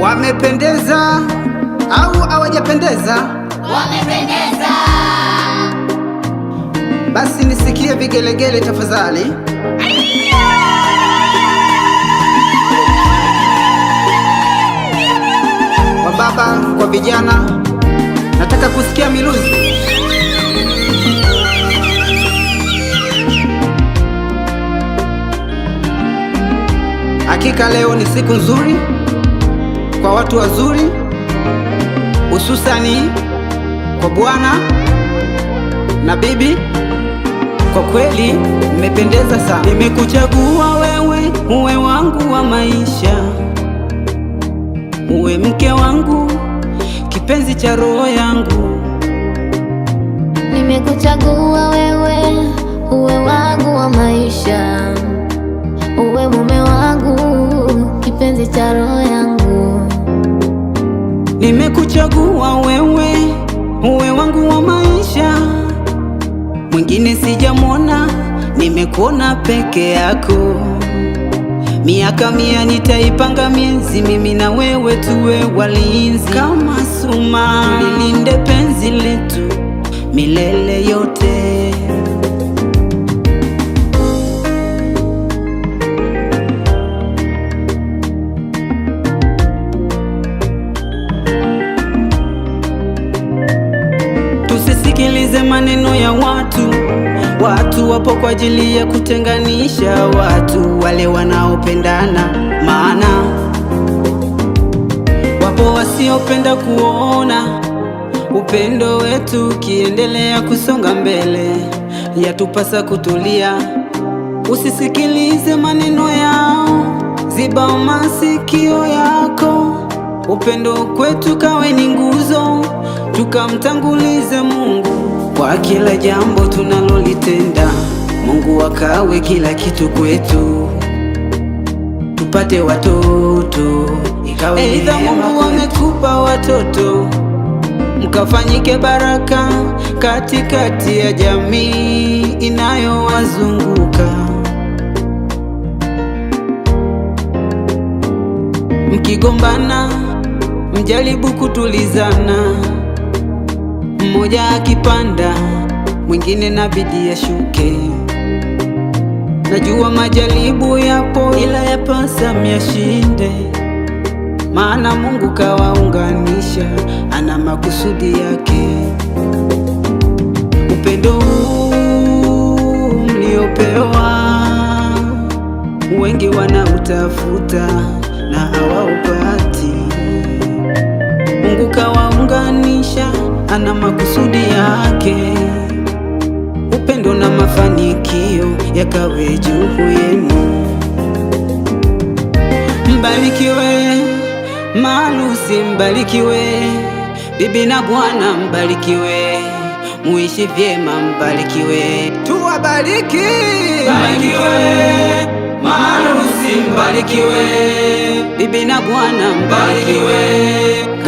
Wamependeza au hawajapendeza? Wamependeza. Basi nisikie vigelegele tafadhali. Kwa baba, kwa vijana, nataka kusikia miluzi. Hakika leo ni siku nzuri kwa watu wazuri, hususani kwa bwana na bibi. Kwa kweli mmependeza sana. Nimekuchagua wewe uwe wangu wa maisha, uwe mke wangu, kipenzi cha roho yangu. Nimekuchagua wewe uwe wangu wa maisha katika roho yangu. Nimekuchagua wewe uwe wangu wa maisha, mwingine sijamwona, nimekuona peke yako. Miaka mia nitaipanga miezi, mimi na wewe tuwe walinzi kama suma, nilinde penzi letu milele yote. usikilize maneno ya watu. Watu wapo kwa ajili ya kutenganisha watu wale wanaopendana, maana wapo wasiopenda kuona upendo wetu ukiendelea kusonga mbele, yatupasa kutulia. Usisikilize maneno yao, ziba masikio yako. Upendo kwetu kawe ni nguzo, tukamtangulize Mungu. Kwa kila jambo tunalolitenda, Mungu akawe kila kitu kwetu, tupate watoto ikawe neema. Hey, Mungu wamekupa watoto, mkafanyike baraka katikati ya jamii inayowazunguka Mkigombana mjaribu kutulizana, mmoja akipanda mwingine na bidi ya shuke. Najua majaribu yapo, ila yapasa myashinde, maana Mungu kawaunganisha, ana makusudi yake. Upendo huu mliopewa, wengi wanautafuta na hawaupati. Mungu kawaunganisha, ana makusudi yake mafanikio yakawe juu yenu. Mbarikiwe maharusi, mbarikiwe bibi na bwana, mbarikiwe muishi vyema, mbarikiwe tuwabariki. Mbarikiwe maharusi, mbarikiwe bibi na bwana, mbarikiwe